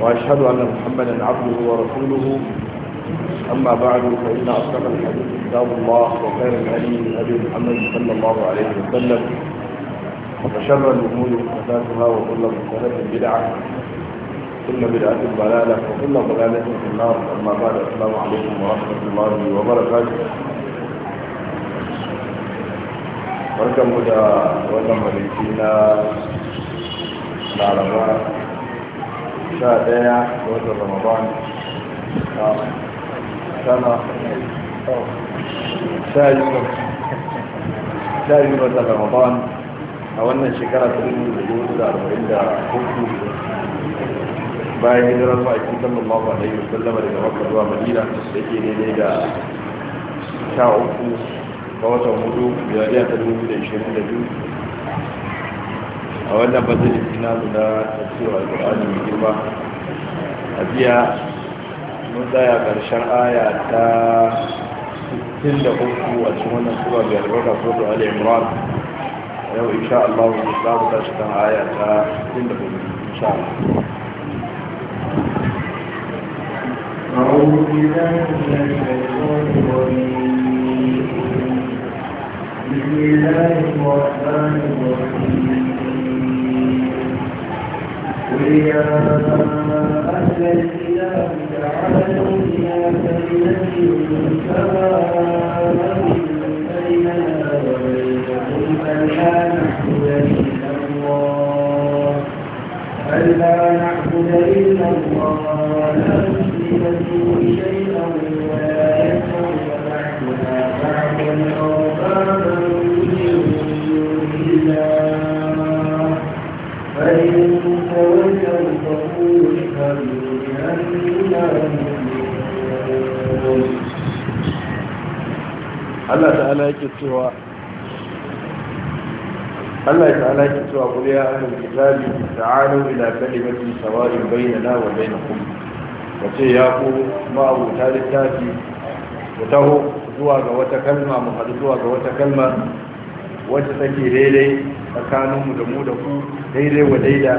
وأشهد أن محمدا عبده ورسوله أما بعد فإن أصدق الحديث كتاب الله وخير الهدي أبي محمد صلى الله عليه وسلم وشر الأمور محدثاتها وكل محدثات بدعة كل بدعة ضلالة وكل ضلالة في النار أما بعد السلام عليكم ورحمة الله وبركاته barkanmu da wannan maliki na sha daya da wata ramadan sana sha ramadan a wannan shekara ta rikin da dubu da arba'in da hudu bayan a cikin hijirar da yi alaihi wasallam daga makar zuwa madina da ke daidai da sha uku ga watan hudu da ta dubu da ishirin da biyu a wannan majalisi na guda cewa alƙur'ani mai girma a biya mun tsaya ƙarshen aya ta 63 a cikin wannan sura ya albarka ko da ali yau insha Allah mu samu tashi kan aya ta 64 insha Allah بسم الله الرحمن الرحيم يا أهل الكتاب تعالوا إلى كلمة سواء بيننا وبينكم ألا نعبد إلا الله ألا نعبد إلا الله ولا نشرك به شيئا ولا يكفر بعدنا بعدا أربابا من دون الله فإن Allah ta'ala yake cewa Allah ta'ala yake cewa qul ya ahlal kitabi ta'alu ila kalimatin sawa'in bainana wa bainakum wace ya ku ma'abuta littafi ku taho zuwa ga wata kalma mu hadu zuwa ga wata kalma wacce take daidai tsakaninmu da mu da ku daidai wa daida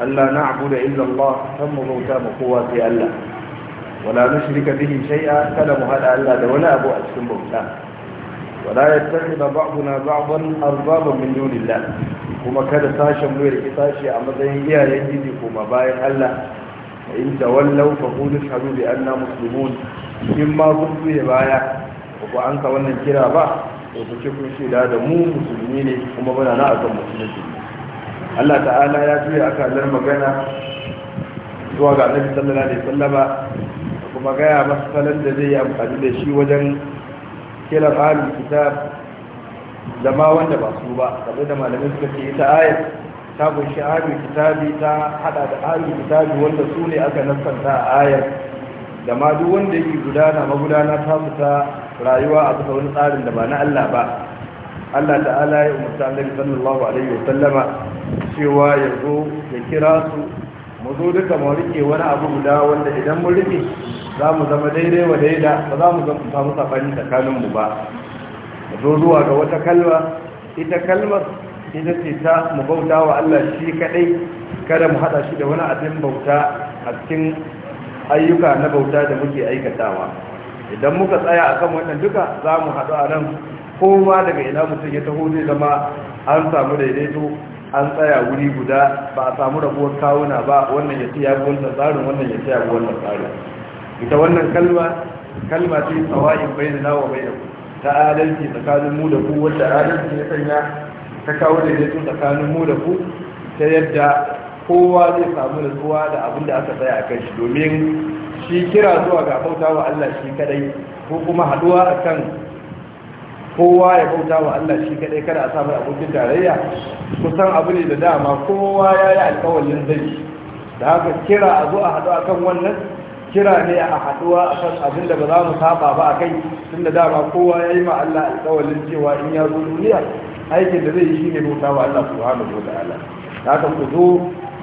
Allah na abu da illa illallah san mu bauta ma kowa sai Allah wala nushrika bihi shai'a kada mu haɗa Allah da wani abu a cikin bauta wala yattakhidha ba'duna ba'dan arbaban min kuma kada sashen mu ya tashi a matsayin iyayen gidi kuma bayan Allah in tawallaw fa qulu ashhadu bi anna muslimun in ma kun tuye baya ku an ka wannan kira ba to ku ce kun shaida da mu musulmi ne kuma bana na akan musulunci Allah ta'ala ya tuye akalar magana zuwa ga Annabi sallallahu alaihi wasallama kuma gaya salon da zai yi amfani da shi wajen kiran ahalin kitab da wanda ba su ba game da malamin suka ce ta ayat ta kunshi ahalin ta hada da ahalin kitabi wanda su ne aka nassanta a ayat da ma duk wanda yake gudana magudana ta su ta rayuwa a bisa wani tsarin da ba na Allah ba Allah ta'ala ya umarta Annabi sallallahu alaihi wa sallama cewa ya ya kira su mu zo duka mu rike wani abu guda wanda idan mun rike za mu zama daidai wa daida ba za mu zama samu sabani tsakanin mu ba mu zo zuwa ga wata kalma ita kalmar ita ce ta mu bauta wa Allah shi kadai kada mu hada shi da wani abin bauta a cikin ayyuka na bauta da muke aikatawa idan muka tsaya akan wannan duka za mu haɗu a nan kowa daga ina mutum ya taho zai zama an samu daidaito an tsaya wuri guda ba a samu rabuwar kawuna ba wannan ya tsaya wannan tsarin wannan ya tsaya wannan tsarin ita wannan kalma kalma ce bayin na wa bayyana ta adalci tsakanin mu da ku wanda adalci ya sanya ta kawo da ya tsakanin mu da ku ta yadda kowa zai samu nutsuwa da abin da aka tsaya a kan shi domin shi kira zuwa ga bauta wa Allah shi kadai ko kuma haduwa akan kowa ya bauta wa Allah shi kadai kada a samu abokin tarayya kusan abu ne da dama kowa ya yi alkawalin zai da haka kira a zo a haɗu a kan wannan kira ne a haɗuwa a kan abin da ba za mu saba ba a kai tun da dama kowa ya yi ma Allah alkawalin cewa in ya zo duniya aikin da zai yi shi ne bauta wa Allah subhanahu da haka ku zo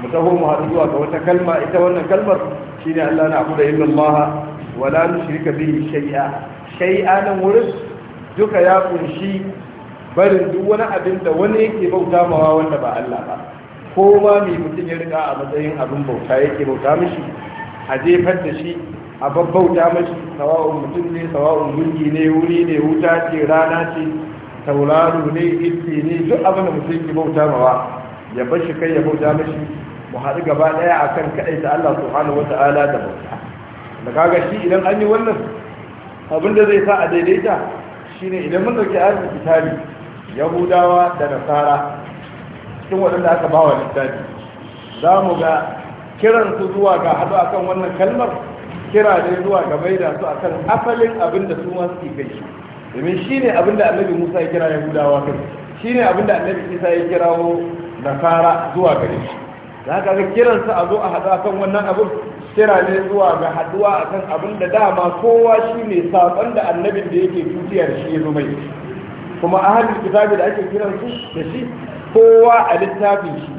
mu taho mu haɗu zuwa ga wata kalma ita wannan kalmar shine Allah na abu da illallah wala nushrika bihi shay'a shay'a nan wurin duka ya kunshi barin duk wani abin da wani yake bauta mawa wanda ba Allah ba ko ma mai mutum ya rika a matsayin abin bauta yake bauta mishi a jefar da shi a babbauta mashi sawa'un mutum ne sawa'un gungi ne wuri ne wuta ce rana ce tauraro ne itti ne duk abin da mutum ke bauta mawa ya bar shi kai ya bauta mashi mu haɗu gaba ɗaya a kan kaɗai da Allah subhanahu wa ta'ala da bauta da kaga shi idan an yi wannan abin da zai sa a daidaita shine idan mun dauki ayatul kitabi yahudawa da nasara cikin waɗanda aka ba wa littafi za mu ga kiran su zuwa ga hadu akan wannan kalmar kira dai zuwa ga maida su akan asalin abin da su ma suke kai shi domin shi ne abin da annabi musa ya kira yahudawa kai shi ne abin da annabi isa ya kirawo nasara zuwa gare shi da haka ga su a zo a haɗu akan wannan abin kira ne zuwa ga haduwa akan abin da dama kowa shi ne saban da annabin da yake tutiyar shi ya mai kuma a hannun kitabi da ake kiran su da shi kowa a littafin shi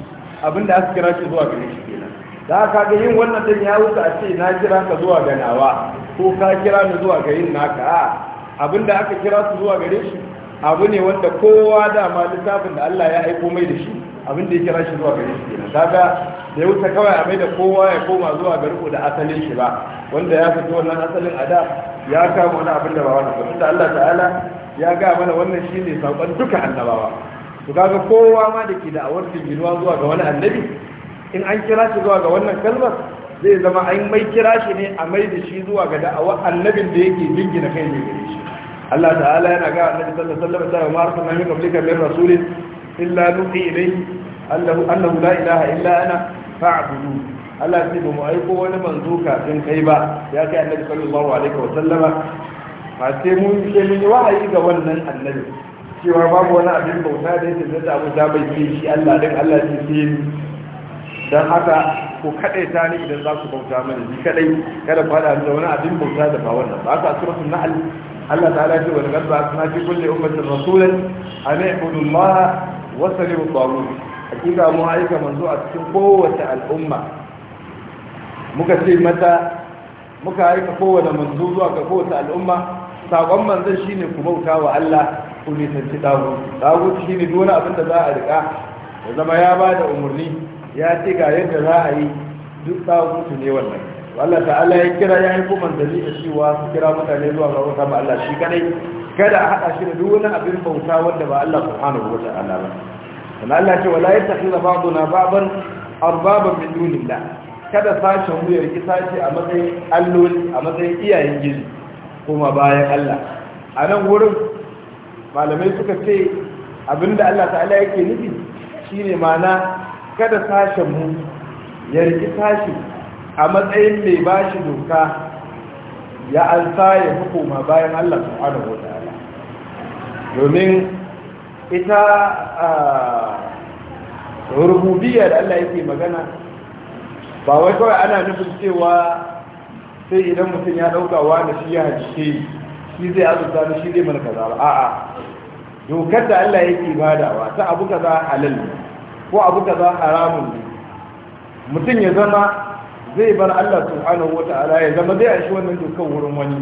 abin da aka kira shi zuwa gare shi kenan da aka ga yin wannan don ya wuce a ce na kira ka zuwa ga nawa ko ka kira ni zuwa ga yin naka abin da aka kira su zuwa gare shi abu ne wanda kowa dama littafin da Allah ya aiko mai da shi abin da ya kira shi zuwa gare shi kenan kaga da wuce kawai a mai da kowa ya koma zuwa ga riko da asalin shi ba wanda ya fito wannan asalin a da ya kama wani abin da ba wani ba tunda Allah ta'ala ya ga mana wannan shi ne sakon duka annabawa to kaga kowa ma da ke da awar jinuwa zuwa ga wani annabi in an kira shi zuwa ga wannan kalmar zai zama an mai kira shi ne a mai da shi zuwa ga da'awar annabin da yake jingina kai ne gare shi Allah ta'ala yana ga annabi sallallahu alaihi wasallam ma arsalna min qablika min rasulin illa nuhi ilayhi annahu annahu la ilaha illa ana fa'budu Allah sai ba mu aiko wani manzo kafin kai ba ya kai annabi sallallahu alaihi wa sallama fa sai mun yi mun yi wahayi ga wannan annabi cewa babu wani abin bauta da yake da abu da bai ce shi Allah din Allah ce sai dan haka ku kadai ta ni idan za ku bauta mana ni kadai kada ku da wani abin bauta da ba wannan ba haka suratul nahl Allah ta'ala ce wa laqad ba'athna fi kulli ummatin rasulan an i'budu Allah wa sallu hakika mu aika manzo a cikin kowace al'umma muka ce mata muka aika kowace manzo zuwa ga kowace al'umma sakon manzon shine ku bauta wa Allah ku nisanci dawo dawo shine ne wani abin da za a rika ya zama ya ba da umarni ya ce ga yadda za a yi duk dawo ne wannan Allah ta'ala ya kira ya yi kuma da shi cewa su kira mutane zuwa ga wata Allah shi kadai kada a haɗa shi da duk wani abin bauta wanda ba Allah subhanahu wa ta'ala ba sannan Allah ce wala yattakhidha ba'duna baban arbaban min dunillah kada sashen mu ya riki sashi a matsayin alloli a matsayin iyayen gizi kuma bayan Allah a nan wurin malamai suka ce abin da Allah ta'ala yake nufi shine mana kada sashen mu ya riki sashi a matsayin mai bashi doka ya alsa ya hukuma bayan Allah subhanahu wa ta'ala domin ita ah, rububiyya da Allah yake magana ba wai kawai ana nufin cewa sai idan mutum ya dauka wani shi ya halice shi zai azurta da shi zai kaza ba a'a dokar da Allah yake badawa ta abu kaza halal ne ko abu kaza haramun ne mutum ya zama zai bar Allah subhanahu wata'ala ya zama zai aishi wannan dokar wurin wani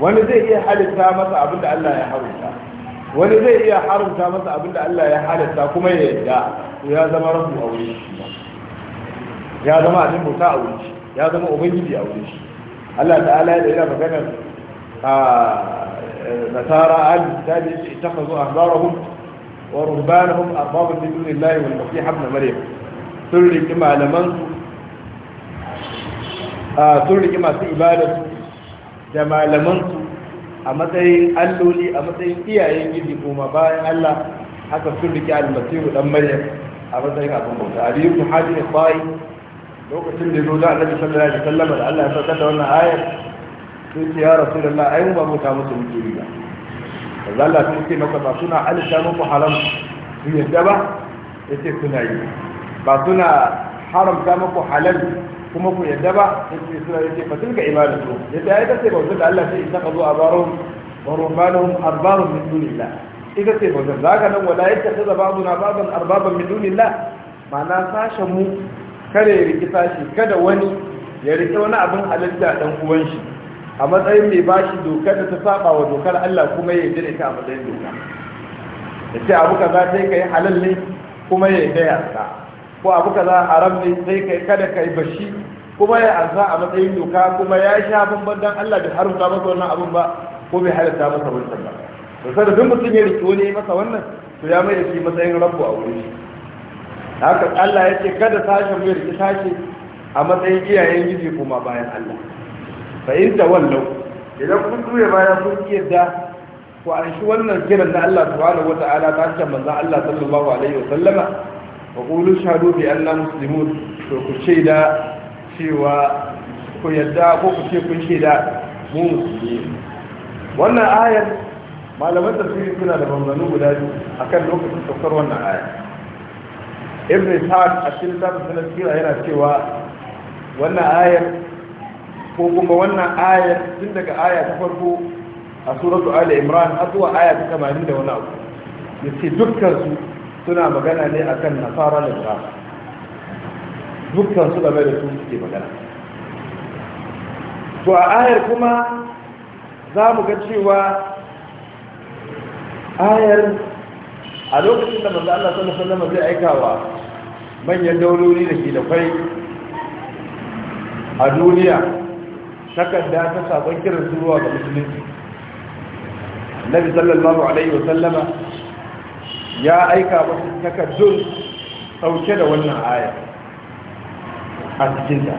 wani zai iya halitta masa abin da Allah ya haruta wani zai iya haramta masa abinda Allah ya halatta kuma ya yadda ya zama rabu a wurin shi ya zama abin bauta a wurin shi ya zama ubangiji a wurin shi Allah ta'ala ya yana maganar a eh, nasara ta al-kitabi yace ittakhadhu ahbarahum wa ruhbanahum arbaba min dunillahi wal masih hamna maryam sun riki malaman su sun riki masu ibadatu da malaman su a matsayin alloli a matsayin iyayen gidi kuma bayan Allah haka sun rike almasihu dan maryam a matsayin abin bauta abi ibn hadi ne bai lokacin da zo da annabi sallallahu alaihi wasallam da Allah ya saka da wannan ayar sai ce ya rasulullah ai mu ba mu ta musu muke ba kaza Allah sun ce maka ba suna alisa muku haram su yadda ba yace suna yi ba suna Haram haramta muku halal kuma ku yadda ba yace suna yace fa tilka ibadatu yace ai kace bautar da Allah sai idan kazo abarahum wa rubanahum arbabun min dunillah ita ce bautar zaka nan wala yattakhadha na ba'dan arbaban min dunillah ma'ana sashen mu kare ya riki sashi kada wani ya riki wani abin halitta dan uwan shi a matsayin mai bashi dokar da ta saba wa dokar Allah kuma ya yarda ta a matsayin doka Ya yace abu ta yi kai halal ne kuma ya yarda ya ko abu kaza a ne sai kai kada kai bashi kuma ya arza a matsayin doka kuma ya sha bamban dan Allah bai haramta masa wannan abun ba ko bai halatta masa wannan ba to sai duk mutum ya rike wani masa wannan to ya mai da shi matsayin rabu a wuri shi haka Allah ya ce kada sashen mu rike sashi a matsayin iyayen gidi kuma bayan Allah fa in tawallu idan kun duye bayan kun yarda ku an shi wannan kiran da Allah subhanahu wata'ala ta hanyar manzon Allah sallallahu alaihi wa sallama wa ƙulu bi allah muslimun to ku da cewa ku yadda ko ku ce kun shaida mu musulmi wannan ayar malaman tafiye suna da bambanin guda biyu kan lokacin saukar wannan ayar ibn Saad, a cikin tafi sanar kira yana cewa wannan ayar ko kuma wannan ayar tun daga aya ta farko a suratu ali imran har zuwa aya ta 80 da wani abu yace dukkan su suna magana ne akan nasara lissafi dukkan su game da su suke magana to a ayar kuma za mu ga cewa ayar a lokacin da manzo Allah sallallahu alaihi wasallam zai aikawa manyan dauloli da ke da kwai a duniya takarda ta sabon kiran zuwa ga musulunci Nabi sallallahu alaihi wasallama ya aika wasu takardun sauke da wannan aya a cikinta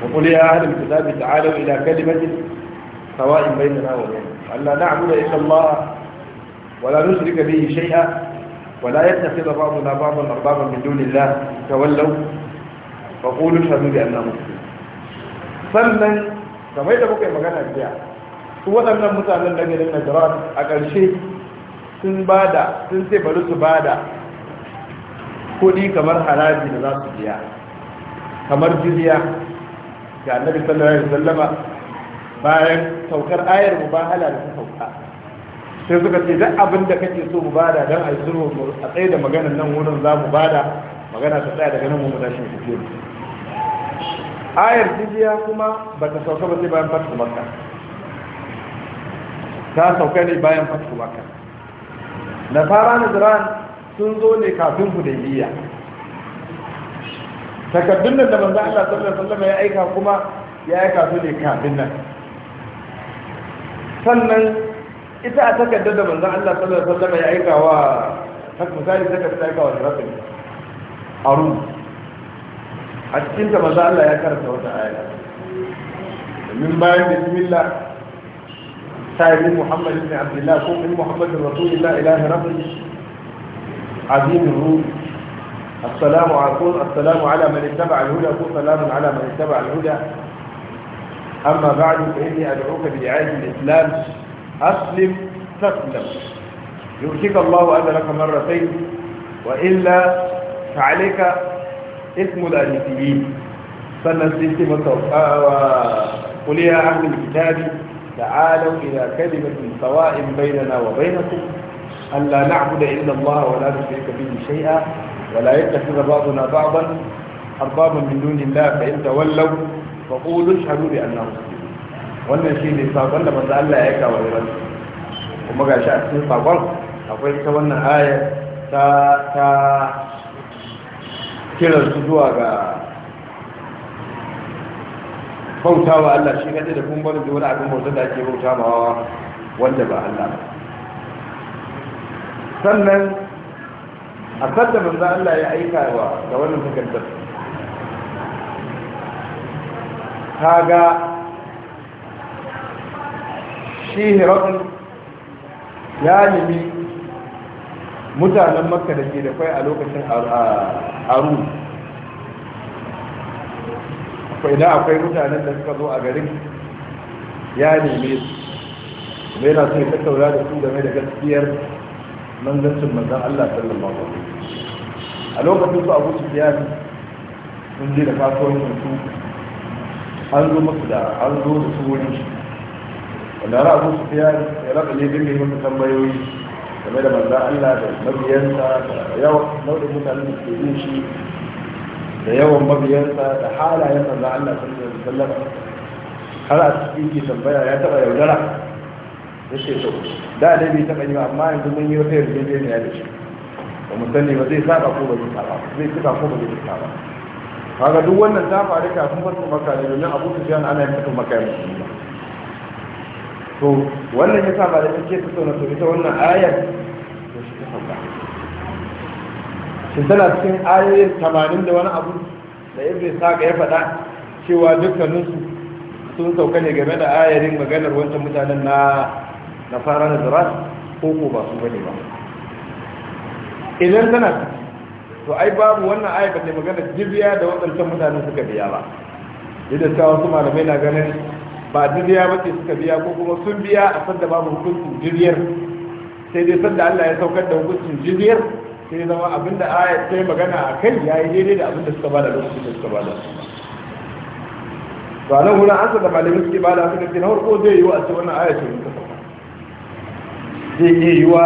wa qul ya ahlal kitabi ta'alu ila kalimatin sawa'in bainana wa bainakum alla na'budu illa Allah wa la nushrika bihi shay'a wa la yattakhidha ba'duna ba'dan arbaban min dunillah tawallaw fa qulu shahadu bi anna muslimun sannan kamar da muka yi magana jiya su waɗannan mutanen daga garin Najran a ƙarshe sun bada sun sai bari su bada kudi kamar haraji da za su biya kamar jiriya ga annabi sallallahu alaihi wasallam bayan saukar ayar mubahala da sauka sai suka ce duk abin da kake so mu bada don a yi a tsaye da maganar nan wurin za mu bada magana ta tsaya daga nan mu tashi mu tafi ayar jijiya kuma ba ta sauka ba sai bayan fatu makka ta sauka ne bayan fatu makka nasara najiran sun zo ne kafin hudaybiya takardun da manzo Allah sallallahu alaihi wasallam ya aika kuma ya aika su ne kafin nan sannan ita a takardar da manzo Allah sallallahu alaihi wasallam ya aika wa haka misali takardar ta aika wa rabbi aru a cikin ta manzo Allah ya karanta wata aya min bayan bismillah بن محمد بن عبد الله كو من محمد رسول الله إله ربي عظيم الروم السلام عليكم السلام على من اتبع الهدى قل سلام على من اتبع الهدى أما بعد فإني أدعوك برعاية الإسلام أسلم تسلم يؤتيك الله أجرك مرتين وإلا فعليك اسم الأنسيين سنة السلسلة قل يا أهل الكتاب تعالوا إلى كلمة سواء بيننا وبينكم أن لا نعبد إلا الله ولا نشرك به شيئا ولا يتخذ بعضنا بعضا أربابا من دون الله فإن تولوا فقولوا اشهدوا بأنه مسلمون wannan shi ne sabon da manzo Allah ya aika wa Iran kuma gashi a cikin sabon akwai ta wannan aya ta ta kiran su zuwa ga bautawa Allah shi kaje da kun bari da wani abin bauta da ake bauta ma wanda ba Allah ba sannan a sadda manzo Allah ya aika wa da wannan takardar kaga shi hirabun ya nemi mutanen makka da ke da kai a lokacin arun akwai da akwai mutanen da suka zo a garin ya neme su na yana so ya tattaura da su game da gaskiyar manzancin manzan Allah sallallahu alaihi a lokacin su abu su sun je da kasuwancin su an zo musu da an zo da su wuri wanda ra abu su biyan ya raka ne dinga yi tambayoyi game da manzan Allah da mabiyansa da yawa nau'in mutanen da ke yin shi da yawan mabiyarsa da halayen manzan Allah sallallahu alaihi wasallam har a cikin yake tambaya ya taba yaudara ya ce to da dai bai taba yi amma yanzu mun yi wata ne ya shi ba mu sani ba zai saba ko ba zai saba zai tuka ko ba zai tuka ba kaga duk wannan ta faru kafin farko maka ne domin abu su ana yin fito maka yin musulma to wannan ya sa ba da kake tattauna to ita wannan ayar shin tana cikin ayoyin tamanin da wani abu da ibn saka ya faɗa cewa dukkaninsu sun sauka ne game da ayarin maganar wancan mutanen na na fara da zira ko ko ba su bane ba idan tana to ai babu wannan aya ba ne magana jibiya da waɗancan mutanen suka biya ba yadda ta wasu malamai na ganin ba jibiya ba ce suka biya ko kuma sun biya a sanda babu hukuncin jibiyar sai dai sanda Allah ya saukar da hukuncin jibiyar sai zama abin da ayat sai magana a kai ya yi daidai da abin da suka bada lokacin da suka bada ba nan wurin an saka malamin suke bada su ce na ko zai wa a ce wannan ayat ce ta sauka zai iya yiwuwa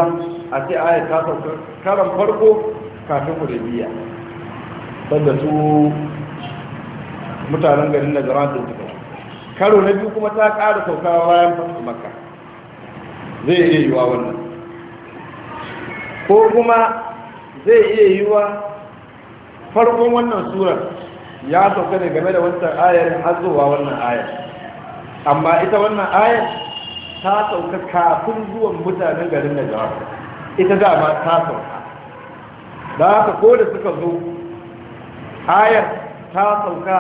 a ce ayat ta sauka karan farko kafin hudaybiya sanda su mutanen garin na jama'a sun suka karo na biyu kuma ta ƙara saukawa bayan fasu makka zai iya yiwuwa wannan ko kuma zai iya yiwa farkon wannan surar ya sauka ne game da wancan ayar har zuwa wannan ayar amma ita wannan ayar ta sauka kafin zuwan mutanen garin da jawar ita dama ta sauka da haka ko da suka zo ayar ta sauka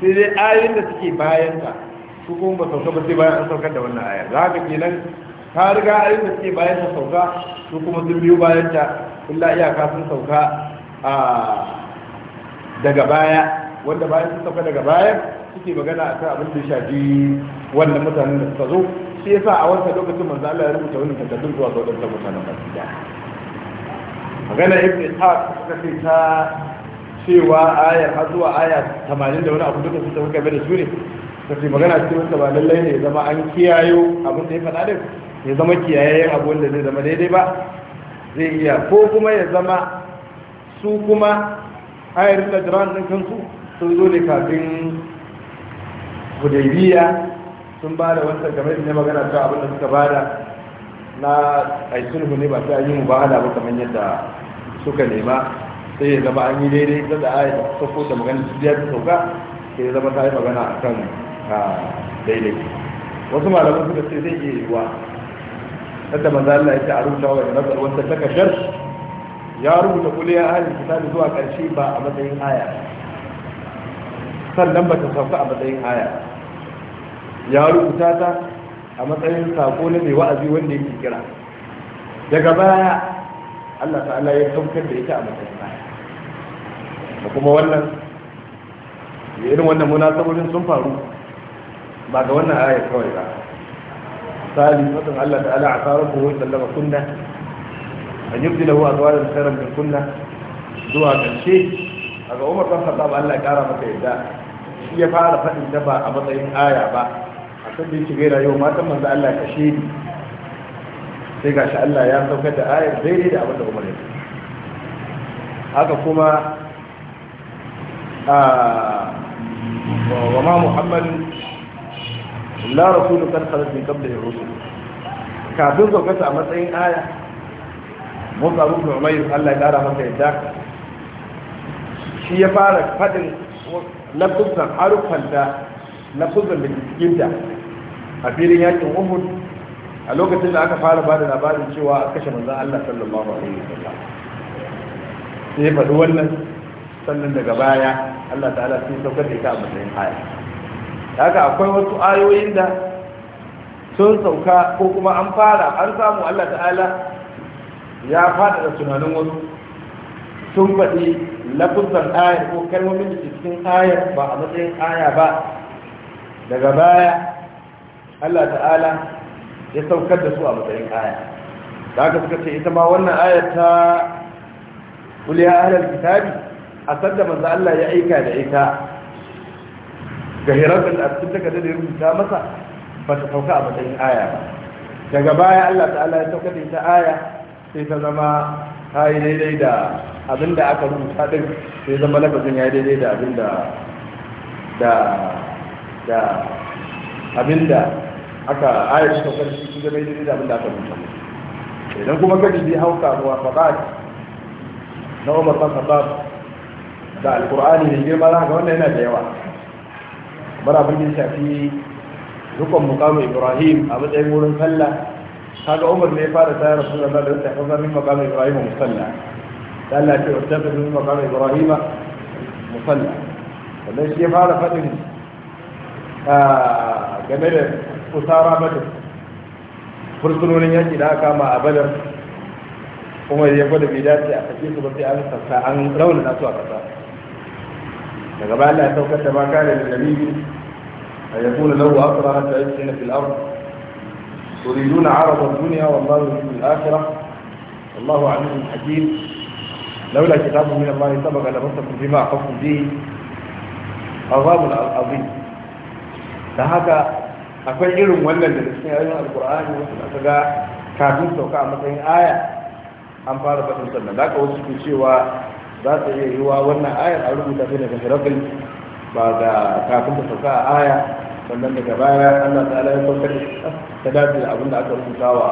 sai dai ayin da suke bayanta su kuma ba sauka ba sai bayan an saukar da wannan ayar za ka kenan ta riga ayin da suke bayanta sauka su kuma sun biyu bayanta illa iyaka sun sauka daga baya wanda bayan sun sauka daga baya suke magana a kan abin da shafi wannan mutanen da suka zo shi sa a wancan lokacin manzo Allah ya rubuta wannan takardun zuwa ga wadannan mutanen ba magana ibn ishaq suka ce ta cewa ayar har zuwa aya 80 da wani abu duka suka kai da su ne ce magana cikin wata ba lallai ne zama an kiyayo abin da ya faɗa din ya zama kiyayayen abu wanda zai zama daidai ba zai iya ko kuma ya zama su kuma ayarin da jiran ɗin kansu sun zo ne kafin hudaybiya sun ba da wata game da magana ta abin da suka ba da na aisulhu ne ba sai an yi mu ba kamar yadda suka nema sai ya zama an yi daidai ta da ayar da sauko da magana su biya ta sauka sai ya zama ta yi magana a kan ah, daidai wasu malaman suka ce zai iya yiwuwa sadda manzo Allah yake a rubuta wa nazar ta kashar ya rubuta kulli ya ahli kitabi zuwa karshe ba a matsayin aya sannan ba ta sauka a matsayin aya ya rubuta ta a matsayin sako na mai wa'azi wanda yake kira daga baya Allah ta'ala ya saukar da ita a matsayin aya da kuma wannan irin wannan munasaborin sun faru ba ga wannan aya kawai ba sali fadin Allah ta'ala a tsarar ko wai sallama kunna an yubdi lahu azwajan khairan min kunna zuwa karshe a ga Umar bin Khattab Allah ya kara maka yadda shi ya fara fadin da ba a matsayin aya ba a kan da yake gaira yau matan manzo Allah kashe ni sai gashi Allah ya saukar da ayar daidai da abin da Umar ya haka kuma a wa ma Muhammadu la rasulu kan khalat min da ya rusul kafin saukata a matsayin aya Musa ibn Umayr Allah ya kara masa yadda shi ya fara fadin lafzan harufan da lafzan da cikinta a filin yakin Uhud a lokacin da aka fara bada labarin cewa a kashe manzon Allah sallallahu alaihi wasallam sai faɗi wannan sannan daga baya Allah ta'ala sun saukar da ita a matsayin aya haka akwai wasu ayoyin da sun sauka ko kuma an fara an samu Allah ta'ala ya fada da tunanin wasu sun faɗi lafuzan ayar ko kalmomin da cikin ayar ba a matsayin aya ba daga baya Allah ta'ala ya saukar da su a matsayin aya da haka suka ce ita ma wannan ayar ta kuliya ahalar kitabi a sanda manzo Allah ya aika da ita ga hirarfin da abincin takarda da ya rubuta masa ba ta sauka a matsayin aya ba daga baya allah ta'ala ya sauka da ita aya sai ta zama ta yi daidai da abin da aka rubuta din sai zama lafazin ya yi daidai da abin da da da abin da aka aya ta sauka da shi zama daidai da abin da aka rubuta idan kuma gadi bi hauka ruwa faɗa na umar ban da alkur'ani ne girma za ka wannan yana da yawa bar abin shafi rukun mukamu ibrahim a matsayin wurin sallah kaga umar ne ya fara tayar rasu da Allah da ta kafa min mukamu ibrahim musalla da Allah ce wata ta min mukamu ibrahim musalla Wannan shi ya fara fadin game da usara badar fursunonin yaki da aka ma a badar kuma ya gwada bai dace a sake su ba sai an sassa an raunana su a kasa فقبل أن أتوك كما كان للنبي أن يكون له أسرى حتى يسكن في الأرض تريدون عرض الدنيا والله يريد الآخرة والله عليم حكيم لولا كتاب من الله سبق لمسكم بما أخذتم به عظام عظيم فهذا أكون إيرم ولا لنسمع أيضا القرآن وصل أسجا كابوس وكام آية أم فارفة سنة ذاك وصف شيء za su iya yiwuwa wannan ayar a rubuta ta daga shirafin ba ga kafin da sauka a aya sannan daga baya allah ta'ala ya sauka ta dace da abin da aka rubuta wa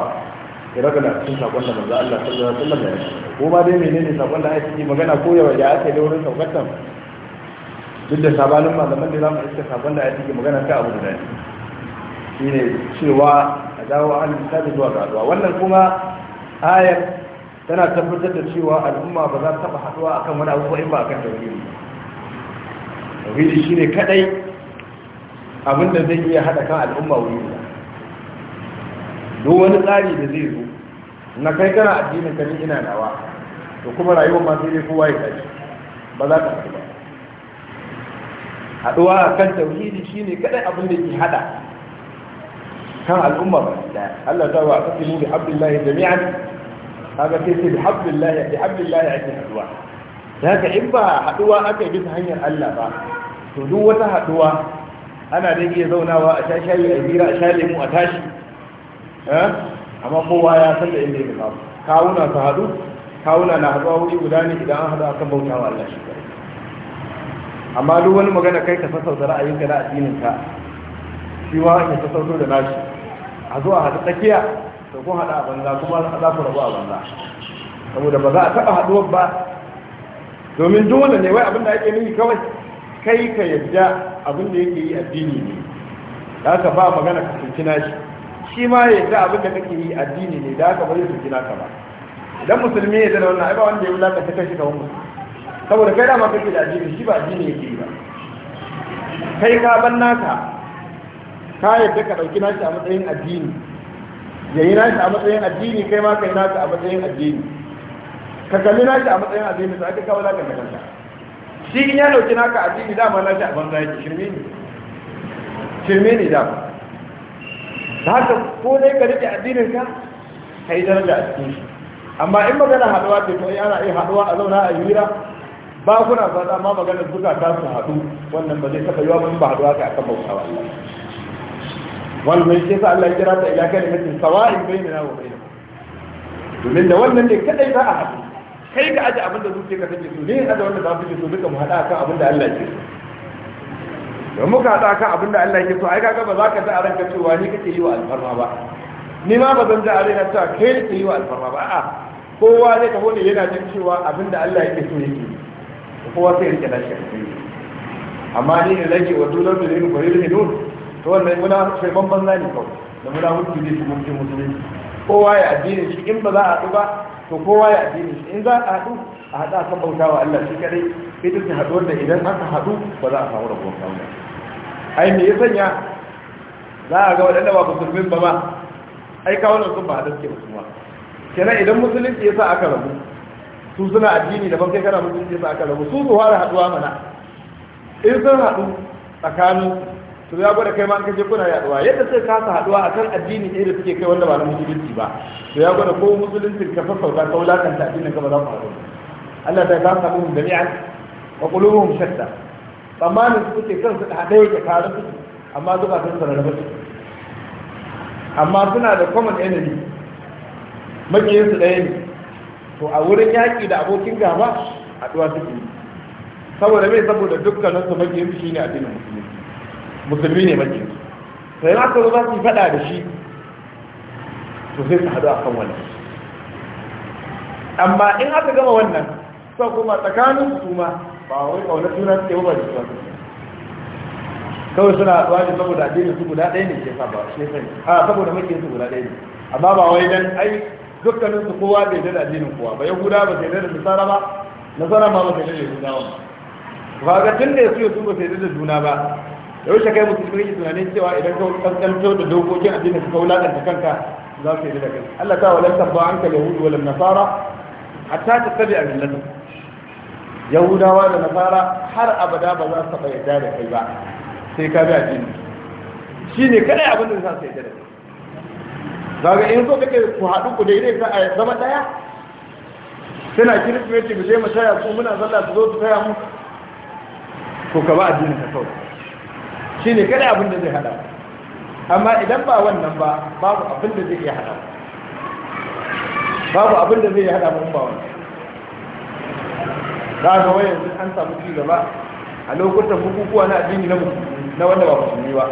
shirafin a cikin sakon da manzo allah sallallahu alaihi da ya ko ma dai menene sakon da ake ciki magana ko yawa ya ake da wurin saukatan duk da sabanin malaman da za mu iska sakon da ake ciki magana ta abu da Shi shine cewa a dawo an ta zuwa ga wannan kuma ayar tana tabbatar da cewa al'umma ba za ta taɓa haɗuwa akan wani abu in ba akan tauhidi tauhidi shine kadai abin da zai iya haɗa kan al'umma wuri guda duk wani tsari da zai zo na kai kana addinin ka ni ina nawa to kuma rayuwar ma sai dai kowa ya tashi ba za ta haɗu ba haɗuwa akan tauhidi shine kadai abin da ke haɗa kan al'umma ba da Allah ta wa asimu bi abdullahi jami'an kaga sai ce bihabbillahi bihabbillahi ake haduwa haka in ba haduwa aka bisa hanyar Allah ba to duk wata haduwa ana da iya zaunawa a sha shayi a hira a sha lemu a tashi eh? amma kowa ya san da inda ya nufa kawuna su haɗu kawuna na haɗuwa wuri guda ne idan an haɗu akan bauta wa Allah shi amma duk wani magana kai ka sassauta ra'ayinka da addinin ka shi wa ya sassauto da nashi a zuwa haɗu tsakiya to kun haɗa a banza kuma za ku rabu a banza saboda ba za a taɓa haɗuwar ba domin duk wanda ne wai abin da ake nufi kawai kai ka yadda abin da yake yi addini ne da ka ba magana ka tunci shi shi ma ya yadda abin da kake yi addini ne da haka bari su tunci ka ba idan musulmi ya yadda wannan ai ba wanda ya ka kai shi kawai musulmi saboda kai dama kake da addini shi ba addini yake yi ba kai ka ban naka ka yadda ka ɗauki nashi a matsayin addini yayi nashi a matsayin addini kai ma kai nashi a matsayin addini ka kalli nashi a matsayin addini sai ka kawo laka kanka shi in ya dauki naka addini dama nashi a banza yake shirme ne shirme ne dama da haka ko dai ka rike addinin ka ka yi daraja a cikin shi amma in magana haduwa ce ko ana iya haduwa a zauna a hira ba kuna fata amma magana zuka ta su haɗu wannan ba zai taɓa yiwa ba haduwa ka akan bauta wa Allah wal mai shi sa Allah ya kira ta ila kalimatin sawa'in bainana wa bainakum domin da wannan ne kadai za a haɗu kai ka aje abin da zuciya ka take so ne aje wanda za su ke so duka mu haɗa akan abin da Allah ke so don muka haɗa akan abin da Allah ke so ai kaga ba za ka ji a ranka cewa ni kake yi wa alfarma ba ni ma ba zan ji a raina cewa kai kake yi wa alfarma ba a'a kowa zai taho ne yana jin cewa abin da Allah yake so yake kowa sai ya rike lafiya amma ni ne lake wa dunar da ne ko ne nun to wannan muna sai banza ne kawai da muna hulki zai su cikin musulunci kowa ya addinin shi in ba za a haɗu ba to kowa ya addinin shi in za a haɗu a haɗa a bauta wa Allah shi kare ita ce haɗu wanda idan aka haɗu ba za a samu da kuma kawai ai me ya sanya za a ga waɗanda ba musulmin ba ma ai kawunan sun ba a daske musulma kenan idan musulunci ya sa aka rabu su suna addini daban kai kana musulunci ya sa aka rabu su su fara haɗuwa mana in sun haɗu tsakanin to ya gwada kai ma an kaje kuna yaduwa yadda sai ka sa haduwa akan addini ɗaya da suke kai wanda ba na musulunci ba to ya gwada ko musulunci ka sauka ka wulakanta addinin ka ba za ku haɗu Allah ta ka mun jami'an wa qulubuhum shatta tsammanin su suke kansu da haɗe ka tare su amma zuba sun da su amma suna da common enemy makiyin su ɗaya ne to a wurin yaƙi da abokin gaba haɗuwa suke saboda mai saboda dukkanin su makiyin su shine addinin musulunci musulmi ne mace sai na kawo za su fada da shi to sai su hadu a kan wannan amma in aka gama wannan sau kuma tsakanin su ma ba wai kaunar juna suke ba da juna kawai suna haɗuwa ne saboda addinin su guda ɗaya ne ke sa ba shi sani a saboda mace su guda ɗaya ne amma ba wai dan ai dukkanin su kowa bai da addinin kowa ba yahuda ba sai da nasara ba nasara ma ba sai da yahudawa ba ba ga tun da su yasu ba sai da juna ba yaushe kai musulmi ne tunanin cewa idan ka kaskanto da dokokin addini ka wulakanta kanka za su yi da kai Allah ta wala tabba anka yahudu wala nasara hatta tattabi a millatu yahudawa da nasara har abada ba za su taɓa yarda da kai ba sai ka bi addini shine kadai abin da za su yarda da kai zaga in so kake ku haɗu ku daidai za a zama ɗaya suna kirismeti mu je mu taya su muna zalla su zo su taya mu ko ka ba addinin ka kawai shi ne kada abin da zai hada amma idan ba wannan ba babu abin da zai iya hada babu abin da zai iya hada mun ba wannan za ga wai yanzu an samu ci gaba a lokutan bukukuwa na addini na musulmi na wanda ba musulmi ba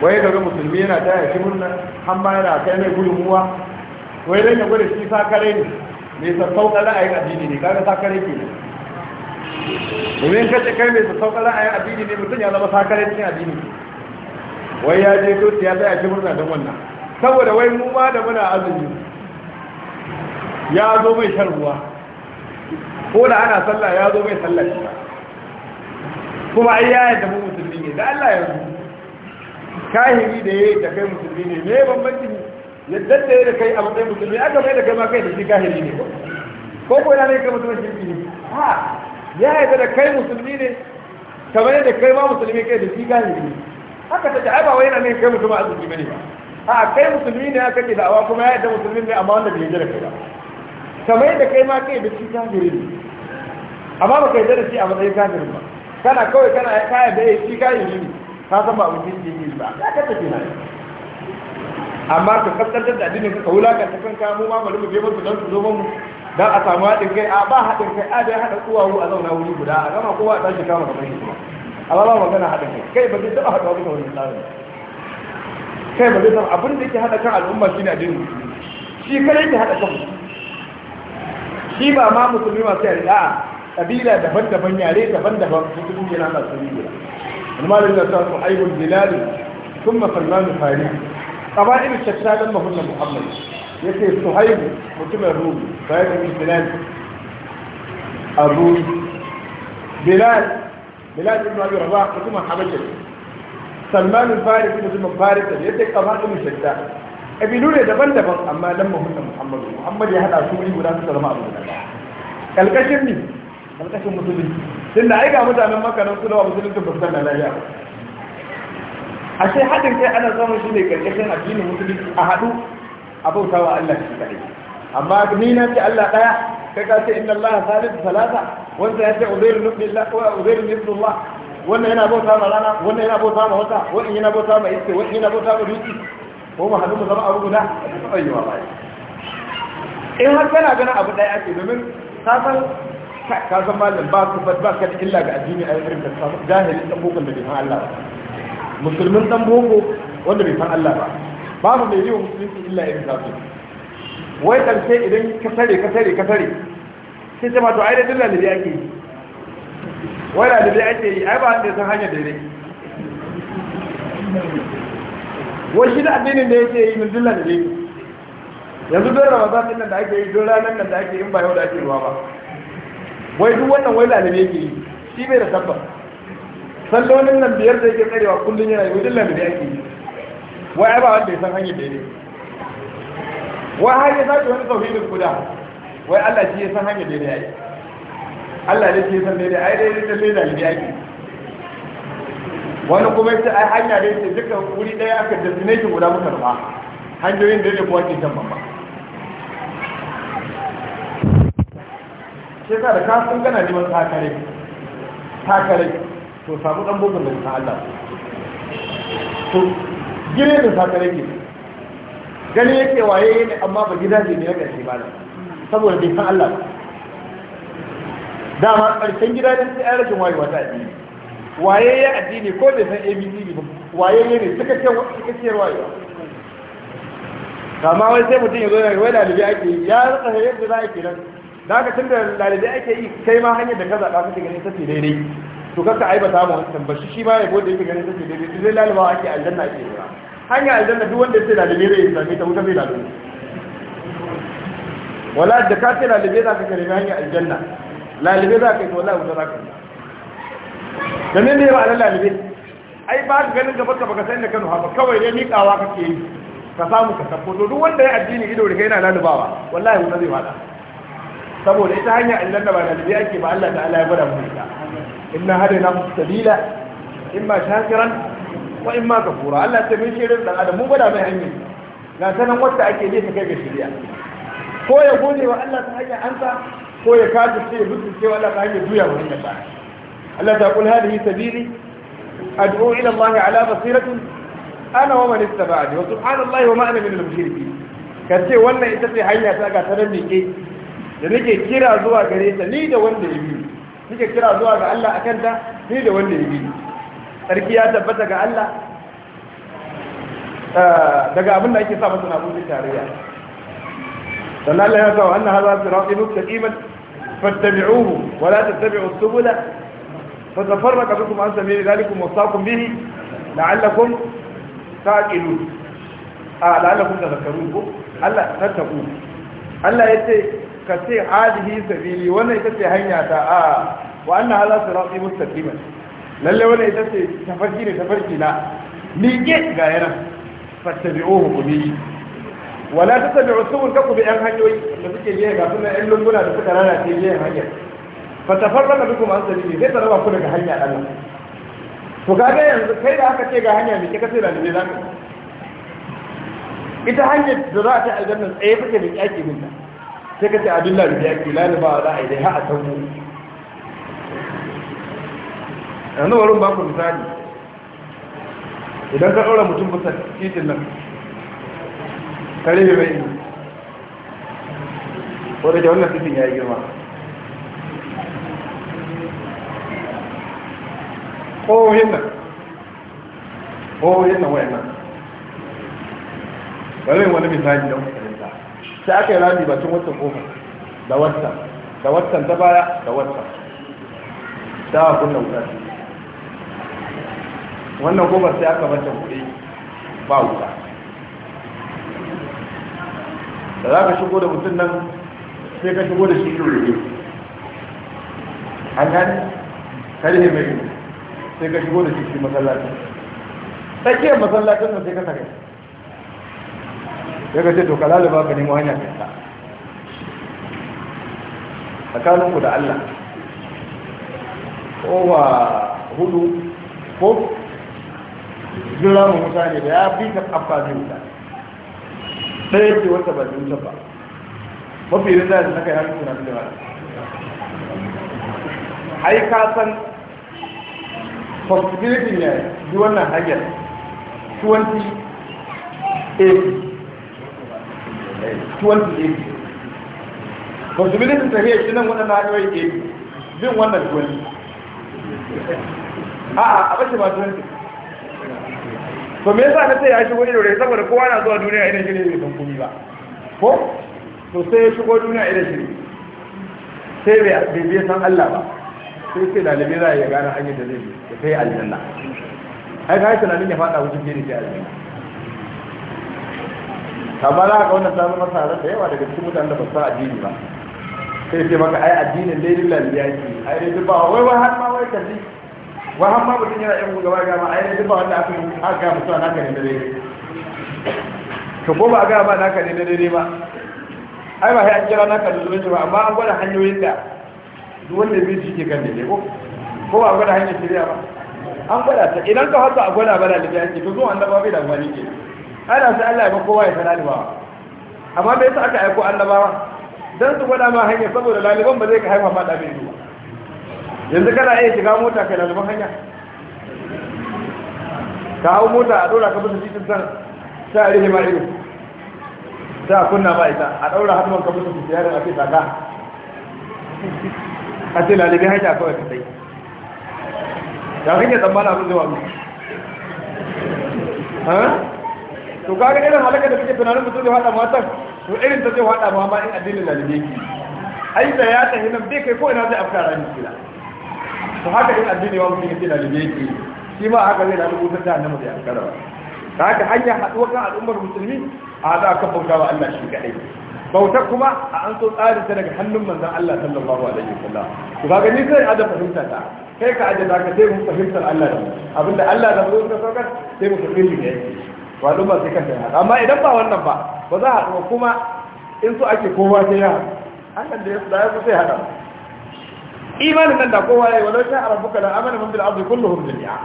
wai daga musulmi yana taya shi murna han ba yana kai mai gudunmuwa wai dan ya gwada shi sakare ne mai sassauƙa ra'ayin addini ne kaga sakare ke ne domin kace kai mai sassauƙa ra'ayin addini ne mutum ya zama sakarar cikin addini wai ya je to ya tsaya ce murna don wannan saboda wai mu ma da muna azumi ya zo mai shan ruwa ko da ana sallah ya zo mai sallah shi kuma ai ya yadda mu musulmi ne da Allah yanzu kahiri da yayi da kai musulmi ne me bambancin yadda da yayi da kai a matsayin musulmi aka mai da kai ma kai da shi kahiri ne ko ko ina ne kai musulmi ne ha ya yarda da kai musulmi ne kamar yadda kai ma musulmi kai da shi ne haka ta ta'aba ba wai yana ne kai mutum a azumi bane a kai musulmi ne aka ke da'awa kuma ya yadda musulmi ne amma wanda bai yadda da kai ba kamar yadda kai ma kai da shi gahiri ne amma baka yarda da shi a matsayin kafirin ba kana kawai kana ya kaya da shi gahiri ne ka san ba mutum ne ne ba ya kasa ke nan amma ka kaskantar da addinin ka wulakanta kanka mu ma mu rubuce musu don su zo mu don a samu haɗin kai a ba haɗin kai a da haɗa tsuwawu a zauna wuri guda a gama kowa a tashi kama kamar shi kuma a ba magana haɗin kai kai ba zai taɓa haɗa wani wani tsarin kai ba zai taɓa abin da ke haɗa kan al'umma shi ne addinin musulmi shi kare ta haɗa kan musulmi shi ba ma musulmi masu yare a ƙabila daban-daban yare daban-daban su kuma yana masu yi Wani amma da yana sa su aibun bilali sun masalmanu fari ƙaba'in shattalan mahunna muhammadu لكن الصهيب مكما الروم فهذه مش بلاد الروم بلاد بلاد ابن ابي رباح مكما حبشة سلمان الفارس مكما الفارس يكي قبارك مش جدا ابي نوري دبن دبن اما لما هن محمد محمد يهد عشوري ولا تسلم عبد الله كالكشمي كالكشم مسلم لان عيقا مدى انا ما كان رسول الله مسلم تبسلنا لا يعرف الشيء حد انا زمان شو ليك الاخر حدين مسلم احدو Abauta wa Allah shi kadai amma ni na ce Allah daya kai ka ce inna Allah salisu salasa wanda ya ce uzair ibn Allah uzair ibn Allah wannan yana bauta ma rana wannan yana bauta ma wata wannan yana bauta ma iske wannan yana bauta ma dutse ko mu hadu mu zama abu guda a cikin ayyuka ba in har kana ganin abu daya ake domin ka san ka san malam ba ku ba ka da illa ga addini a irin da samu jahilin dan boko da bai san Allah ba musulmin dan boko wanda bai san Allah ba babu mai yiwa musulunci illa irin zafi wai ƙarshe idan ka tare ka tare ka tare sai ce ma to ai da duk lalibi ake yi wai lalibi ake yi ai ba wanda ya san hanyar daidai wai shi da addinin da yake yi min da lalibi yanzu don ramazan din nan da ake yi don ranar nan da ake in ba yau da ake ruwa ba wai duk wannan wai lalibi yake yi shi bai da tabbas sallolin nan biyar da yake tsarewa kullum yana yi duk lalibi ake yi wai ai ba wanda ya san hanyar daidai wai har ya sake wani da guda wai Allah shi ya san hanyar daidai yayi Allah ne shi ya san daidai ai daidai da daidai da yaki wani kuma ya ce ai hanya da yake duka wuri daya aka destination guda muka rufa hanyoyin da yake kuwa ke can bamba shi da ka sun gana neman takare takare to samu dan bugun da ta Allah gire da sakare ke gani yake waye ne amma ba gida ne na gashi ba na saboda bai san Allah ba dama ƙarshen gida ne sai an rashin wayewa ta addini waye ya addini ko bai san abcd ba waye ne ne suka ce suka ce wayewa kama wai sai mutum ya zo daga wai lalibi ake yi ya rasa yadda za a ke nan da ka tun da lalibi ake yi kai ma hanyar da ka zaɓa kake gani ta ce daidai to kaka aibata mu wancan ba shi shi ma ya gode yake ganin ta ce daidai duk lalibawa ake aljanna ake jira hanya aljanna duk wanda ya ce lalibe zai same ta wuta zai lalibe wala da ka ce lalibe za ka karbi hanya aljanna lalibe za ka yi wala wuta za ka yi da ne ne ma'anar lalibe ai ba ka ganin gaba ka baka san da kanu haka kawai ne miƙawa kake yi ka samu ka sako to duk wanda ya addini ido da kai yana lalubawa wallahi wuta zai fada saboda ita hanya aljanna ba lalibe ake ba Allah ta'ala ya gwada mu ita inna hadayna sabila imma shakiran wa in ma kafura Allah ta mai shirin dan adam mun gwada mai hanyar ga sanan wanda ake ne ta kai ga shirya. ko ya gode wa Allah ta hanyar ansa ko ya kaji sai ya mutu sai wala ta hanyar juya wa hanyar ba Allah ta kul hadihi sabili ad'u ila Allah ala basiratin ana wa man ittaba'ani wa subhanallahi wa ma ana min al-mushrikeen ce wannan ita ce hanya ta ga sanan mike da nake kira zuwa gare ta ni da wanda ya bi nake kira zuwa ga Allah akan ta ni da wanda ya bi sarki ya tabbata ga Allah daga abin da ake sa masa na buɗe tarayya dan Allah ya sa anna hadha sirati mustaqiman fattabi'uhu wa la tattabi'u subula fatafarraqa bikum an sabili dhalikum wasaqum bihi la'allakum taqilun a la'allakum tadhakkarun ko Allah tattaku Allah yace ka ce hadihi sabili wannan ita ce hanya ta a wa anna hadha sirati mustaqiman lalle wani ita ce tafarki ne tafarki na miƙe ga yana fattabi'o hukumi wala ta tabi subul ka ku bi yan hanyoyi da suke biya ga suna yan lunguna da suka rana ce biye hanyar fatafarra da kuma an sabili zai taraba ku daga hanya Allah to gaga yanzu kai da aka ce ga hanya mai kika sai da ne zaka ita hanyar da za a ta aljanna tsaye take da ƙyaƙi minta sai ka ce abin lalubi ya ke ba za a yi dai ha a tawo yanzu warin ba ku misali idan ka ɗora mutum bisa titin nan kare mai yi wadda ke wannan titin ya yi girma ƙohohin nan ƙohohin nan wayan nan bari wani misali don kusurinta sai aka yi rami bacin watan ƙofa da watan da watan ta baya da watan ta kunna wuta wannan ba sai aka bata kuɗi ba wuta da za ka shigo da mutum nan sai ka shigo da shi ido rufe an gani karhe mai sai ka shigo da shi shi masallacin tsakiyar masallacin nan sai ka saka sai ka ce to ka ba ka nemo hanya kai ta tsakaninku da Allah ko ba hudu ko jira mu mutane da ya fi ta kafa ne wuta ɗaya ce wata ba ta wuta ba mafi yin zai na kai hannu suna da wani ai ka san possibility ne ji wannan hanyar 28 28 possibility ta hiyar shi nan wannan na hanyoyi 8 bin wannan 20 a a abashi ba 20 to me yasa na sai ya shigo ido rai saboda kowa na zuwa duniya idan shirin bai san komai ba ko to sai ya shigo duniya idan shirin sai bai bai san Allah ba sai sai dalibi za ya gane hanyar da zai bi ya kai aljanna ai ga tunanin ya fada wucin jini sai aljanna kamar haka wannan ta zama tare da yawa daga cikin mutanen da ba su addini ba sai sai maka ai addinin dai lillahi yake ai dai ba wai wai har ma wai kaji wa hamma ma mutum yana yan gaba gama a yanzu duk ba wanda aka yi aka mutu a naka ne na daidai ka goma a gaba naka ne na daidai ba ai ba sai an kira naka da zuwa ba amma an gwada hanyoyin da wanda bai shi ke kan daidai ko ko ba a gwada hanyar shirya ba an gwada ta idan ka hasa a gwada ba da lafiya ake to zuwa annaba bai da amfani ke ana sai Allah ya ba kowa ya sana ba amma bai sa aka aiko annabawa dan su gwada ma hanyar saboda laliban ba zai ka haifa fada bai zuwa yanzu kana iya shiga mota kai lalaban hanya ka hau mota a ɗora ka bisa titin san sai a rihe ma ido sai a kunna ma ita a ɗora hannun ka bisa titin yaron ake tsada a ce lalaban hanya kawai ka sai ya kake tsammanin abin zuwa mu to kaga irin halakar da kake tunanin mutum zai haɗa matan to irin ta zai haɗa ma in addinin lalabe ki ai da ya tafi nan bai kai ko ina zai afkara ni kila to haka in addini ba mutum yake dalibe yake shi ma haka zai dalibu wutar jihar namu da yankara ba haka hanya haɗuwar kan al'ummar musulmi a za a bauta wa Allah shi kaɗai bauta kuma a an so tsari ta daga hannun manzon Allah sallallahu alaihi wasallam to ga ni sai ada fahimta ta kai ka aje zaka sai mu fahimta Allah da abinda Allah da mu ka saukar sai mu fahimci ne to ba sai kanta haka. amma idan ba wannan ba ba za a haɗu kuma in so ake kowa sai ya haɗu da ya sai haɗa imanin nan da kowa ya yi walau sha a rabbuka la amana man bil ardi kulluhum jami'a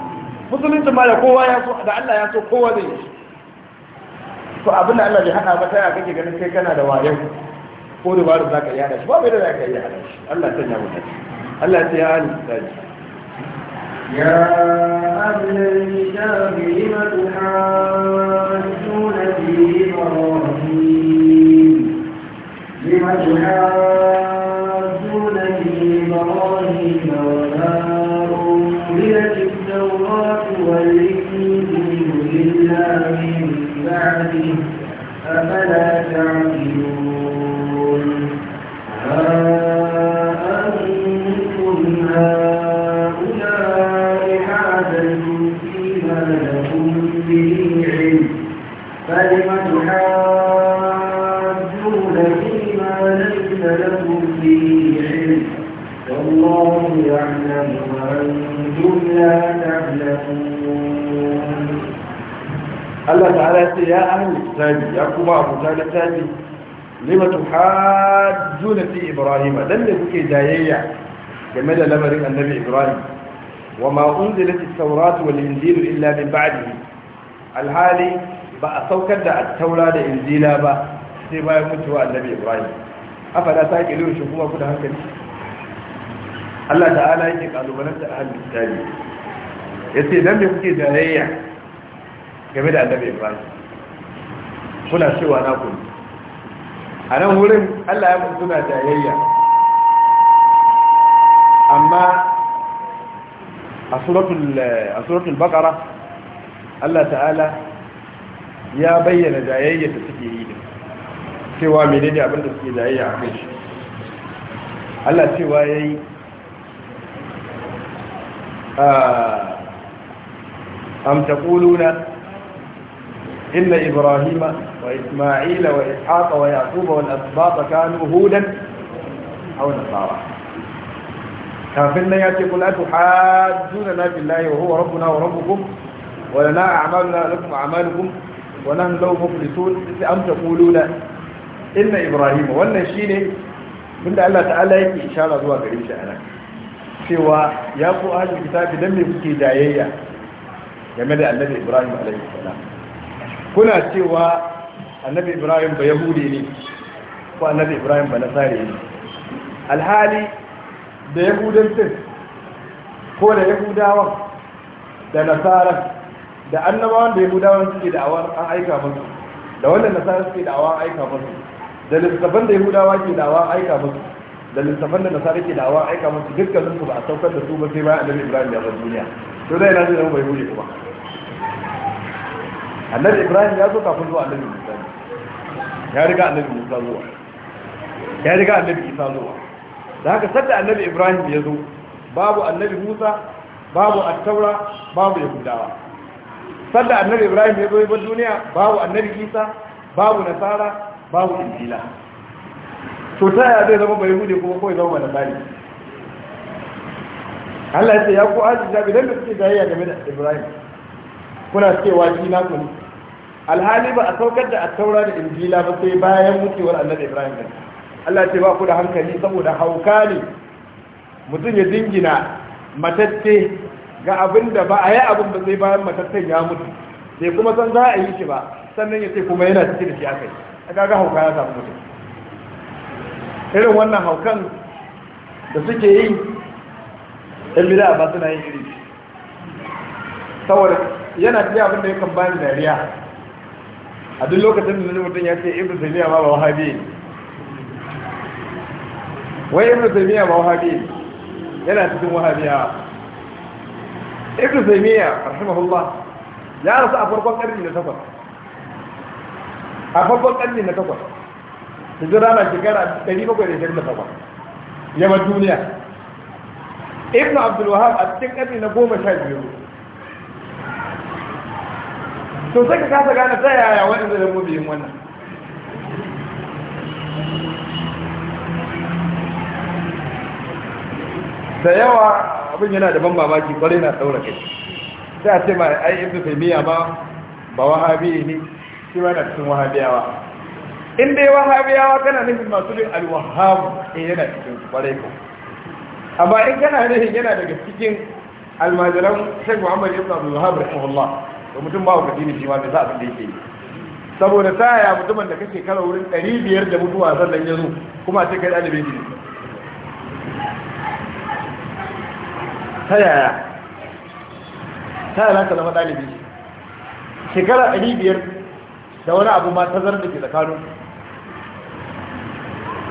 musulunci ma da kowa ya so da Allah ya so kowa zai yi to abin da Allah bai hada ba ta kake ganin kai kana da wayo ko da baro zaka yi hada shi ba bai da zaka yi hada shi Allah sanya mu dace Allah ya ani dace ya ahlal kitab lima tuhajjuna fi ibrahim lima tuhajjuna أفلا تعملون ها أنتم هؤلاء حاجتم فيما لكم به علم فلم تحاجون فيما ليس لكم به علم والله يعلم وأنتم لا تعلمون Allah ta'ala ya ce ya ahli kitabi ya kuma abuta littafi lima tuhajjuna fi ibrahim dan da kuke dayayya game da lamarin annabi ibrahim wa ma unzilat at-taurat wal injil illa min ba'dihi alhali ba a saukar da at-taura da injila ba sai bayan mutuwa annabi ibrahim afala ta ke shi kuma ku da hankali Allah ta'ala yake kalubalanta ahli kitabi yace dan da kuke jayayya game da annabi ibrahim kuna cewa na ku a nan wurin allah ya kun suna jayayya amma a suratul bakara allah ta'ala ya bayyana jayayya da suke yi da cewa mene ne abinda suke jayayya a kai allah cewa ya yi ah, am taquluna إن إبراهيم وإسماعيل وإسحاق ويعقوب والأسباط كانوا هودا أو نصارى كافرنا يأتي قل تحاجوننا بالله وهو ربنا وربكم ولنا أعمالنا لكم أعمالكم ونحن له مخلصون أم تقولون إن إبراهيم وأن شيء من الله تعالى يكي إن شاء الله زوا قريب شأنا سوى ya أهل الكتاب kitabi dan me kuke الذي إبراهيم عليه السلام kuna cewa annabi ibrahim ba yahudi ne ko annabi ibrahim ba nasari ne alhali da yahudancin ko da yahudawan da nasarar da annabawan da yahudawan suke da awar an aika musu da wannan nasarar suke da awar aika musu da littafan da yahudawa ke da awar aika musu da littafan da nasarar ke da awar aika musu dukkaninsu ba a saukar da su ba sai bayan annabi ibrahim ya bar duniya to zai na zai zama bai hude kuma annabi ibrahim ya zo kafin zuwa annabi musa ya riga annabi musa zuwa ya riga annabi isa zuwa da haka sadda annabi ibrahim ya zo babu annabi musa babu attaura babu yahudawa sadda annabi ibrahim ya zo ya duniya babu annabi isa babu nasara babu injila to ta yaya zai zama bai hude kuma kawai zama nasari Allah ya ce ya ku aji jabi dan da suke jayayya game da Ibrahim kuna cewa shi na ku alhali ba a saukar da attaura da injila ba sai bayan mutuwar annabi ibrahim din Allah ce ba ku da hankali saboda hauka ne mutum ya dingina matatte ga abin da ba a yi abin ba sai bayan mataccen ya mutu sai kuma san za a yi shi ba sannan ya ce kuma yana cikin da shi aka yi a kaga hauka ya samu mutum irin wannan haukan da suke yi ɗan bida ba suna yin iri saboda yana fiye abin da ya kan bani dariya a duk lokacin da mutum ya ce ibn taymiya ma ba wahabi ne wai ibn taymiya ba wahabi ne yana cikin wahabiya ibn taymiya rahimahullah ya rasu a farkon karni na takwas a farkon karni na takwas hijira na shekara 728 yamma duniya ibn abdul wahab a cikin karni na goma sha biyu to sai ka kasa gane ta yaya waɗanda da mu yin wannan da yawa abin yana da ban mamaki kwarai na tsaura kai sai a ce ma ai ibnu taymiya ba ba wahabi ne shi ba na cikin wahabiyawa in dai wahabiyawa kana nufin masu bin al in eh, yana cikin kwarai ko amma in kana nufin yana daga cikin almajiran Sheikh Muhammad ibn Abdul Wahhab rahimahullah to mutum ba ka dini shi ma bai sa abin da yake yi saboda ta yaya mutumin da kake kara wurin 500 da mutuwa sannan ya zo kuma ce kai ɗalibin gini ta yaya ta yaya ka zama ɗalibi shekara 500 da wani abu ma zarar da ke tsakanin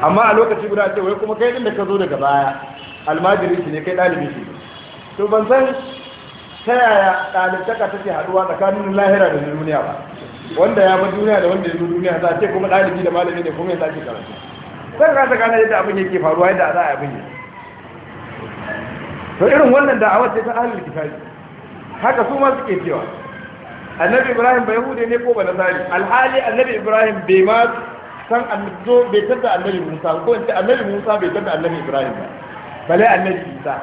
amma a lokaci guda ce wai kuma kai ɗin da ka zo daga baya almajiri shi ne kai ɗalibi shi to ban san ta yaya ɗalibtaka take haɗuwa tsakanin lahira da duniya ba wanda ya bar duniya da wanda ya bar duniya za a ce kuma ɗalibi da malami ne kuma ya sake karatu sai ka gane yadda abin yake faruwa yadda za a abin yi to irin wannan da'awar ce ta ahlul kitabi haka su ma suke cewa annabi ibrahim bai hude ne ko ba tsari? alhali annabi ibrahim bai ma san annabi bai annabi musa ko in ce annabi musa bai tada annabi ibrahim ba balai annabi isa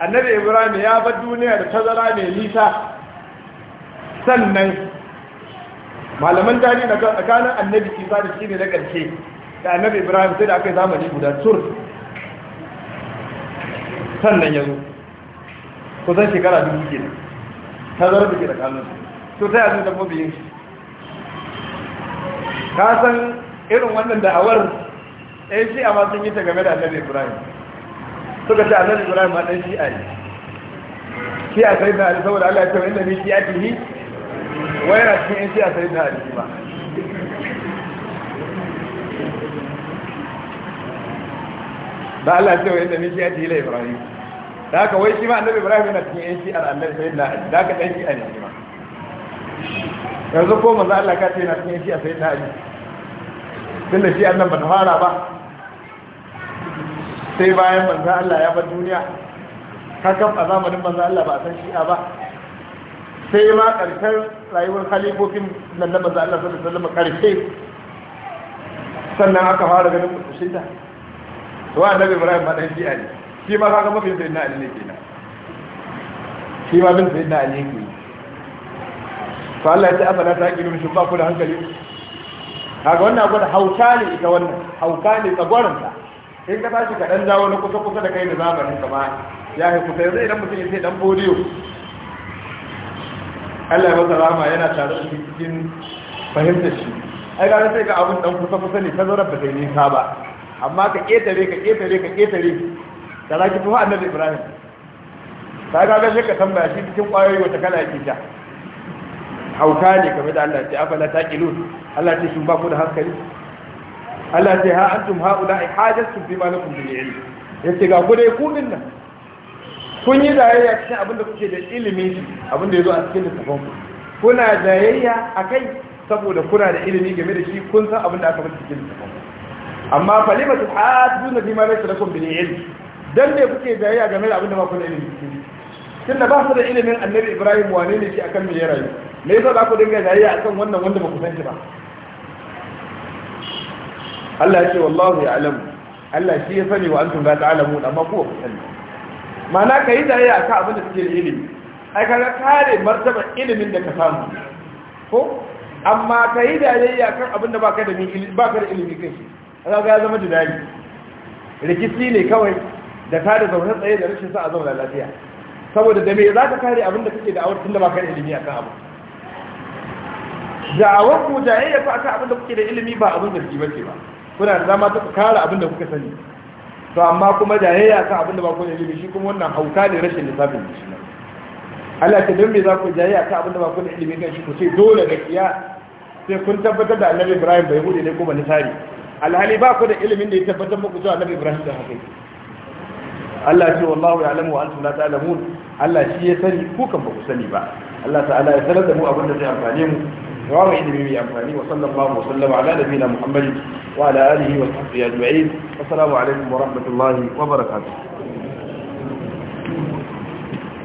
annabi ibrahim ya bar duniya da tazara mai nisa sannan malaman dani na tsakanin annabi isa da shi ne na ƙarshe da annabi ibrahim sai da aka yi zamani guda tur sannan ya zo kusan shekara dubu ke tazara da ke da kanun to ta yanzu da mabiyin shi ka san irin wannan da'awar ɗaya eh, shi a masu yi ta game da annabi ibrahim suka ce annabi ibrahim ma dan shi'a ne shi a sayyidina ali saboda Allah ya ce inda ni shi'atihi wai na cikin in shi a sayyidina ali ba da Allah ya ce wa inda ni shi'atihi la ibrahim da haka wai shi ma annabi ibrahim yana cikin in shi'ar annabi sayyidina ali da haka dan shi'a ne shi yanzu ko manzo Allah ka ce yana cikin in shi'a sayyidina ali tunda shi nan ba ta fara ba sai bayan manzan Allah ya bar duniya hakan a zamanin manzan Allah ba a san shi'a ba sai ma ƙarshen rayuwar halifofin nan na manzan Allah sallallahu alaihi wasallam ƙarshe sannan aka fara ganin To wa annabi Ibrahim ba dan shi'a ne shi ma kaga mafi na Ali ne kenan shi ma bin na Ali ne fa Allah ya ce afala ta gidu shi ba ku da hankali kaga wannan gwada hauka ne ita wannan hauka ne tsagwaranta in ka tashi ka dan dawo na kusa kusa da kai da zamanin ka ba ya yi kusa yanzu idan mutum ya ce dan bodiyo Allah ya masa rama yana tare da cikin fahimtar shi ai gara sai ga abun dan kusa kusa ne ka zo rabba sai nisa ba amma ka ketare ka ketare ka ketare da zaki fi annabi Ibrahim ta ga ga ka tambaya shi cikin kwayoyi wata kala yake ta hauka ne kamar da Allah ya ce afala taqilun Allah ya ce shin ba ku da hankali Allah ce ha antum haula ihajatu fi malakum bil ilm yace ga ku dai ku din nan kun yi zayayya cikin abin da kuke da ilimi abin da yazo a cikin littafin ku kuna zayayya akai saboda kuna da ilimi game da shi kun san abin da aka faɗi cikin littafin ku amma falima tuhaduna fi malakum lakum bil ilm dan ne kuke zayayya game da abin da ba ku da ilimi cikin tunda ba su da ilimin annabi Ibrahim wane ne shi akan me ya rayu me yasa za ku dinga zayayya akan wannan wanda ba ku san shi ba Allah ya ce wallahu ya alamu. Allah shi ya sani wa antum la ta'lamun amma ku ku sani ma'ana kai da ya ka abin da da ilimi ai ga kare martaba ilimin da ka samu ko amma kai da ya kan abin da baka da ilimi baka da ilimi kai ga ya zama jidali rikici ne kawai da da zaune tsaye da rashin sa a zauna lafiya saboda da me za ka kare abin da kake da awar tun da baka da ilimi akan abu Da ku jayayya fa akan abin da kuke da ilimi ba abin da ba ba kuna da dama ta kara abin da kuka sani to amma kuma jayayya kan abin da ba ku da ilimi shi kuma wannan hauka ne rashin lissafin shi Allah ta dan me za ku jayayya kan abin da ba ku da ilimi kan shi ku sai dole da kiya sai kun tabbatar da Annabi Ibrahim bai hude ne kuma nisari alhali ba ku da ilimin da ya tabbatar muku cewa Annabi Ibrahim da haka Allah ce wallahu ya'lamu wa antum la ta'lamun Allah shi ya sani ku kan ba ku sani ba Allah ta'ala ya sanar da mu abin da zai amfane mu حوار إدمي أفغاني وصلى الله وسلم على نبينا محمد وعلى آله وصحبه أجمعين والسلام عليكم ورحمة الله وبركاته